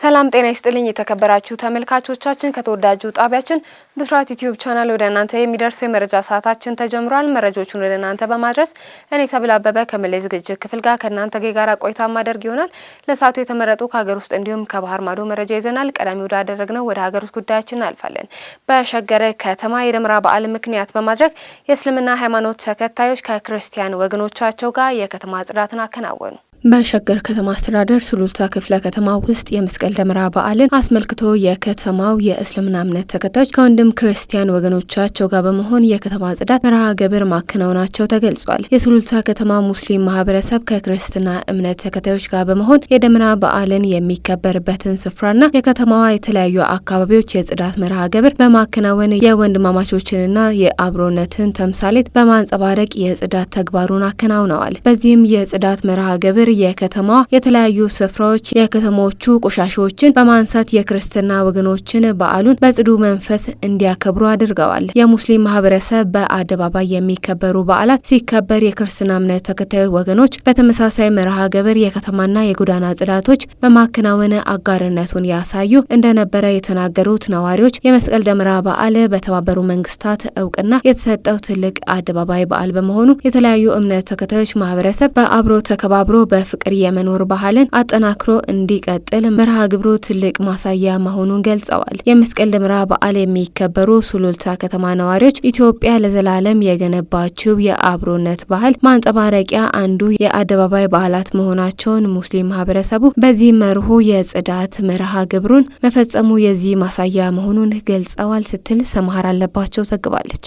ሰላም ጤና ይስጥልኝ የተከበራችሁ ተመልካቾቻችን፣ ከተወዳጁ ጣቢያችን ብስራት ዩቲዩብ ቻናል ወደ እናንተ የሚደርሰው የመረጃ ሰዓታችን ተጀምሯል። መረጃዎቹን ወደ እናንተ በማድረስ እኔ ሰብል አበበ ከመለይ ዝግጅት ክፍል ጋር ከእናንተ ጋር ቆይታ ማደርግ ይሆናል። ለሰዓቱ የተመረጡ ከሀገር ውስጥ እንዲሁም ከባህር ማዶ መረጃ ይዘናል። ቀዳሚ ወዳደረግ ነው ወደ ሀገር ውስጥ ጉዳያችን እናልፋለን። በሸገረ ከተማ የደመራ በዓል ምክንያት በማድረግ የእስልምና ሃይማኖት ተከታዮች ከክርስቲያን ወገኖቻቸው ጋር የከተማ ጽዳትን አከናወኑ። በሸገር ከተማ አስተዳደር ሱሉልታ ክፍለ ከተማ ውስጥ የመስቀል ደመራ በዓልን አስመልክቶ የከተማው የእስልምና እምነት ተከታዮች ከወንድም ክርስቲያን ወገኖቻቸው ጋር በመሆን የከተማ ጽዳት መርሃ ግብር ማከናወናቸው ተገልጿል። የሱሉልታ ከተማ ሙስሊም ማህበረሰብ ከክርስትና እምነት ተከታዮች ጋር በመሆን የደመራ በዓልን የሚከበርበትን ስፍራና የከተማዋ የተለያዩ አካባቢዎች የጽዳት መርሃ ግብር በማከናወን የወንድማማቾችንና የአብሮነትን ተምሳሌት በማንጸባረቅ የጽዳት ተግባሩን አከናውነዋል። በዚህም የጽዳት መርሃ ግብር ከተማ የተለያዩ ስፍራዎች የከተሞቹ ቆሻሻዎችን በማንሳት የክርስትና ወገኖችን በዓሉን በጽዱ መንፈስ እንዲያከብሩ አድርገዋል። የሙስሊም ማህበረሰብ በአደባባይ የሚከበሩ በዓላት ሲከበር የክርስትና እምነት ተከታዮች ወገኖች በተመሳሳይ መርሃ ግብር የከተማና የጎዳና ጽዳቶች በማከናወን አጋርነቱን ያሳዩ እንደነበረ የተናገሩት ነዋሪዎች የመስቀል ደመራ በዓል በተባበሩ መንግስታት እውቅና የተሰጠው ትልቅ አደባባይ በዓል በመሆኑ የተለያዩ እምነት ተከታዮች ማህበረሰብ በአብሮ ተከባብሮ በ በፍቅር የመኖር ባህልን አጠናክሮ እንዲቀጥል መርሃ ግብሩ ትልቅ ማሳያ መሆኑን ገልጸዋል። የመስቀል ደመራ በዓል የሚከበሩ ሱሉልታ ከተማ ነዋሪዎች ኢትዮጵያ ለዘላለም የገነባችው የአብሮነት ባህል ማንጸባረቂያ አንዱ የአደባባይ በዓላት መሆናቸውን ሙስሊም ማህበረሰቡ በዚህ መርሁ የጽዳት መርሃ ግብሩን መፈጸሙ የዚህ ማሳያ መሆኑን ገልጸዋል ስትል ሰማሃር አለባቸው ዘግባለች።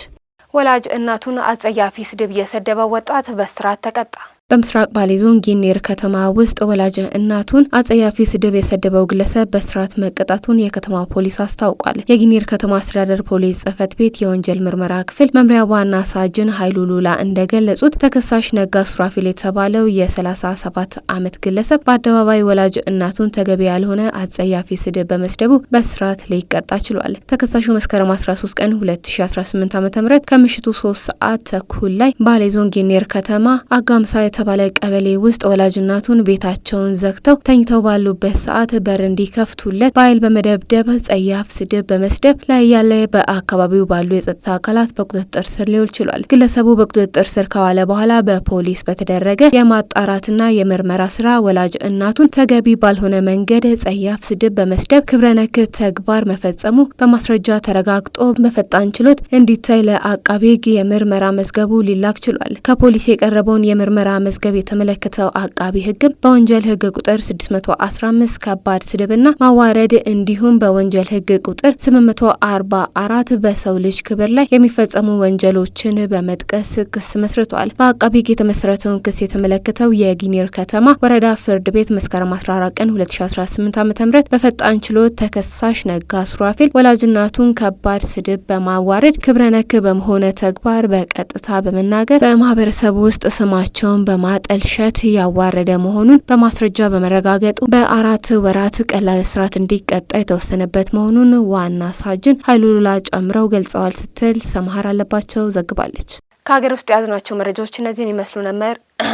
ወላጅ እናቱን አጸያፊ ስድብ የሰደበ ወጣት በእስራት ተቀጣ። በምስራቅ ባሌ ዞን ጊኒር ከተማ ውስጥ ወላጅ እናቱን አጸያፊ ስድብ የሰደበው ግለሰብ በስርዓት መቀጣቱን የከተማ ፖሊስ አስታውቋል። የጊኒር ከተማ አስተዳደር ፖሊስ ጽህፈት ቤት የወንጀል ምርመራ ክፍል መምሪያ ዋና ሳጅን ኃይሉ ሉላ እንደገለጹት ተከሳሽ ነጋ ሱራፊል የተባለው የ37 ዓመት ግለሰብ በአደባባይ ወላጅ እናቱን ተገቢ ያልሆነ አጸያፊ ስድብ በመስደቡ በስርዓት ሊቀጣ ችሏል። ተከሳሹ መስከረም 13 ቀን 2018 ዓ ም ከምሽቱ 3 ሰዓት ተኩል ላይ ባሌ ዞን ጊኒር ከተማ አጋምሳ በተባለ ቀበሌ ውስጥ ወላጅናቱን ቤታቸውን ዘግተው ተኝተው ባሉበት ሰዓት በር እንዲከፍቱለት በኃይል በመደብደብ ጸያፍ ስድብ በመስደብ ላይ ያለ በአካባቢው ባሉ የጸጥታ አካላት በቁጥጥር ስር ሊውል ችሏል። ግለሰቡ በቁጥጥር ስር ከዋለ በኋላ በፖሊስ በተደረገ የማጣራትና የምርመራ ስራ ወላጅ እናቱን ተገቢ ባልሆነ መንገድ ጸያፍ ስድብ በመስደብ ክብረነክ ተግባር መፈጸሙ በማስረጃ ተረጋግጦ በፈጣን ችሎት እንዲታይ ለአቃቤ ሕግ የምርመራ መዝገቡ ሊላክ ችሏል። ከፖሊስ የቀረበውን የምርመራ መዝገብ የተመለከተው አቃቢ ህግም በወንጀል ህግ ቁጥር 615 ከባድ ስድብና ማዋረድ እንዲሁም በወንጀል ህግ ቁጥር 844 በሰው ልጅ ክብር ላይ የሚፈጸሙ ወንጀሎችን በመጥቀስ ክስ መስርቷል። በአቃቢ ህግ የተመሰረተውን ክስ የተመለከተው የጊኒር ከተማ ወረዳ ፍርድ ቤት መስከረም 14 ቀን 2018 ዓ ም በፈጣን ችሎት ተከሳሽ ነጋ ሱራፌል ወላጅናቱን ከባድ ስድብ በማዋረድ ክብረ ነክ በመሆነ ተግባር በቀጥታ በመናገር በማህበረሰቡ ውስጥ ስማቸውን በ በማጠልሸት ያዋረደ መሆኑን በማስረጃ በመረጋገጡ በአራት ወራት ቀላል እስራት እንዲቀጣ የተወሰነበት መሆኑን ዋና ሳጅን ኃይሉ ሉላ ጨምረው ገልጸዋል ስትል ሰምሀር አለባቸው ዘግባለች። ከሀገር ውስጥ የያዝናቸው መረጃዎች እነዚህን ይመስሉ ነበር።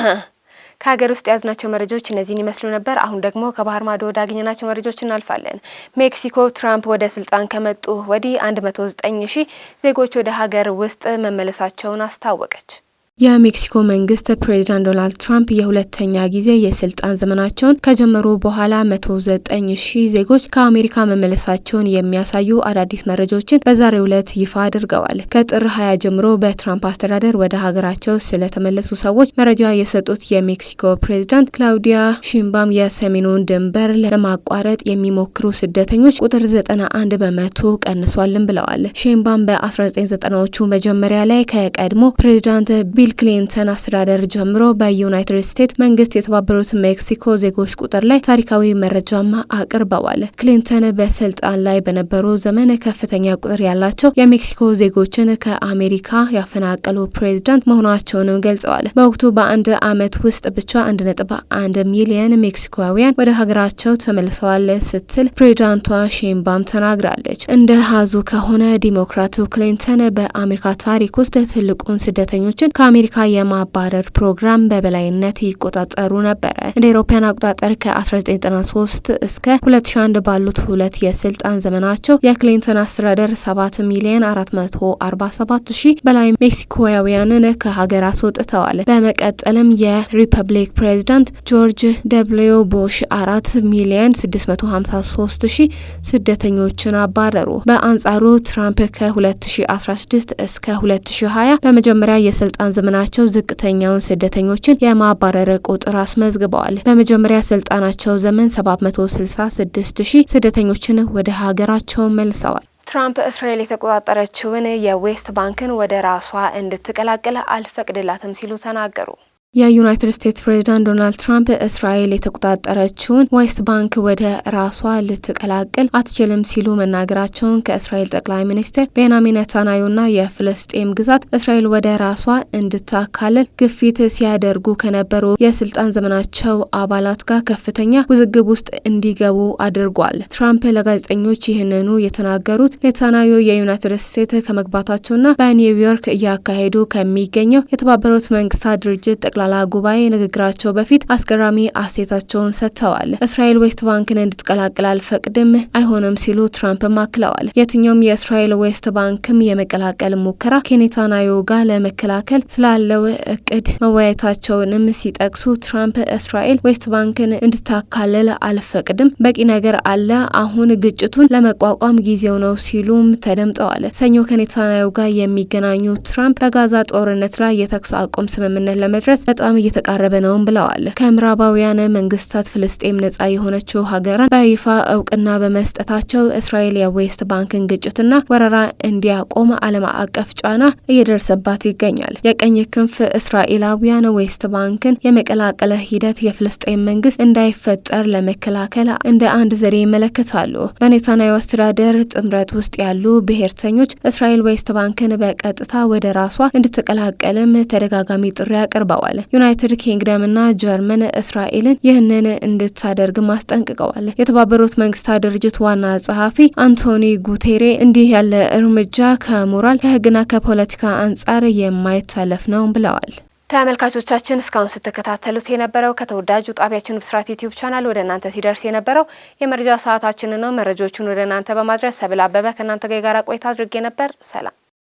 ከሀገር ውስጥ የያዝናቸው መረጃዎች እነዚህን ይመስሉ ነበር። አሁን ደግሞ ከባህር ማዶ ወደ መረጃዎች እናልፋለን። ሜክሲኮ ትራምፕ ወደ ስልጣን ከመጡ ወዲህ 109 ሺህ ዜጎች ወደ ሀገር ውስጥ መመለሳቸውን አስታወቀች። የሜክሲኮ መንግስት ፕሬዚዳንት ዶናልድ ትራምፕ የሁለተኛ ጊዜ የስልጣን ዘመናቸውን ከጀመሩ በኋላ መቶ ዘጠኝ ሺህ ዜጎች ከአሜሪካ መመለሳቸውን የሚያሳዩ አዳዲስ መረጃዎችን በዛሬው ዕለት ይፋ አድርገዋል። ከጥር ሀያ ጀምሮ በትራምፕ አስተዳደር ወደ ሀገራቸው ስለተመለሱ ሰዎች መረጃ የሰጡት የሜክሲኮ ፕሬዚዳንት ክላውዲያ ሽምባም የሰሜኑን ድንበር ለማቋረጥ የሚሞክሩ ስደተኞች ቁጥር ዘጠና አንድ በመቶ ቀንሷልን ብለዋል። ሽምባም በ1990ዎቹ መጀመሪያ ላይ ከቀድሞ ፕሬዚዳንት ቢል ቢል ክሊንተን አስተዳደር ጀምሮ በዩናይትድ ስቴትስ መንግስት የተባበሩት ሜክሲኮ ዜጎች ቁጥር ላይ ታሪካዊ መረጃማ አቅርበዋል። ክሊንተን በስልጣን ላይ በነበሩ ዘመን ከፍተኛ ቁጥር ያላቸው የሜክሲኮ ዜጎችን ከአሜሪካ ያፈናቀሉ ፕሬዚዳንት መሆናቸውንም ገልጸዋል። በወቅቱ በአንድ አመት ውስጥ ብቻ አንድ ነጥብ አንድ ሚሊየን ሜክሲኮውያን ወደ ሀገራቸው ተመልሰዋል ስትል ፕሬዚዳንቷ ሼምባም ተናግራለች። እንደ ሀዙ ከሆነ ዲሞክራቱ ክሊንተን በአሜሪካ ታሪክ ውስጥ ትልቁን ስደተኞችን አሜሪካ የማባረር ፕሮግራም በበላይነት ይቆጣጠሩ ነበረ። እንደ አውሮፓውያን አቆጣጠር ከ1993 እስከ 2001 ባሉት ሁለት የስልጣን ዘመናቸው የክሊንተን አስተዳደር 7 ሚሊዮን 447 ሺህ በላይ ሜክሲኮያውያንን ከሀገር አስወጥተዋል። በመቀጠልም የሪፐብሊክ ፕሬዚዳንት ጆርጅ ደብሊው ቡሽ 4 ሚሊዮን 653 ሺህ ስደተኞችን አባረሩ። በአንጻሩ ትራምፕ ከ2016 እስከ 2020 በመጀመሪያ የስልጣን ዘመናቸው ዝቅተኛውን ስደተኞችን የማባረር ቁጥር አስመዝግበዋል። በመጀመሪያ ስልጣናቸው ዘመን 766 ሺህ ስደተኞችን ወደ ሀገራቸው መልሰዋል። ትራምፕ እስራኤል የተቆጣጠረችውን የዌስት ባንክን ወደ ራሷ እንድትቀላቅል አልፈቅድላትም ሲሉ ተናገሩ። የዩናይትድ ስቴትስ ፕሬዚዳንት ዶናልድ ትራምፕ እስራኤል የተቆጣጠረችውን ዌስት ባንክ ወደ ራሷ ልትቀላቅል አትችልም ሲሉ መናገራቸውን ከእስራኤል ጠቅላይ ሚኒስትር ቤንያሚን ኔታንያሁና የፍልስጤም ግዛት እስራኤል ወደ ራሷ እንድታካልል ግፊት ሲያደርጉ ከነበሩ የስልጣን ዘመናቸው አባላት ጋር ከፍተኛ ውዝግብ ውስጥ እንዲገቡ አድርጓል። ትራምፕ ለጋዜጠኞች ይህንኑ የተናገሩት ኔታንያሁ የዩናይትድ ስቴትስ ከመግባታቸውና በኒውዮርክ እያካሄዱ ከሚገኘው የተባበሩት መንግስታት ድርጅት ጠቅላላ ጉባኤ ንግግራቸው በፊት አስገራሚ አስተያየታቸውን ሰጥተዋል። እስራኤል ዌስት ባንክን እንድትቀላቅል አልፈቅድም፣ አይሆንም ሲሉ ትራምፕም አክለዋል። የትኛውም የእስራኤል ዌስት ባንክም የመቀላቀል ሙከራ ከኔታንያሁ ጋር ለመከላከል ስላለው እቅድ መወያየታቸውንም ሲጠቅሱ ትራምፕ እስራኤል ዌስት ባንክን እንድታካልል አልፈቅድም፣ በቂ ነገር አለ፣ አሁን ግጭቱን ለመቋቋም ጊዜው ነው ሲሉም ተደምጠዋል። ሰኞ ከኔታናዮ ጋር የሚገናኙ ትራምፕ በጋዛ ጦርነት ላይ የተኩስ አቁም ስምምነት ለመድረስ በጣም እየተቃረበ ነውም ብለዋል። ከምዕራባውያን መንግስታት ፍልስጤም ነጻ የሆነችው ሀገርን በይፋ እውቅና በመስጠታቸው እስራኤል የዌስት ባንክን ግጭትና ወረራ እንዲያቆም ዓለም አቀፍ ጫና እየደረሰባት ይገኛል። የቀኝ ክንፍ እስራኤላውያን ዌስት ባንክን የመቀላቀለ ሂደት የፍልስጤም መንግስት እንዳይፈጠር ለመከላከል እንደ አንድ ዘዴ ይመለከታሉ። በኔታንያሁ አስተዳደር ጥምረት ውስጥ ያሉ ብሔርተኞች እስራኤል ዌስት ባንክን በቀጥታ ወደ ራሷ እንድትቀላቀልም ተደጋጋሚ ጥሪ አቅርበዋል። ዩናይትድ ኪንግደምና ጀርመን እስራኤልን ይህንን እንድታደርግም ማስጠንቅቀዋል። የተባበሩት መንግስታት ድርጅት ዋና ጸሐፊ አንቶኒ ጉቴሬ እንዲህ ያለ እርምጃ ከሞራል ከህግና ከፖለቲካ አንጻር የማይታለፍ ነው ብለዋል። ተመልካቾቻችን እስካሁን ስትከታተሉት የነበረው ከተወዳጁ ጣቢያችን ብስራት ዩቲዩብ ቻናል ወደ እናንተ ሲደርስ የነበረው የመረጃ ሰዓታችን ነው። መረጃዎቹን ወደ እናንተ በማድረስ ሰብል አበበ ከእናንተ ጋር የጋራ ቆይታ አድርጌ ነበር። ሰላም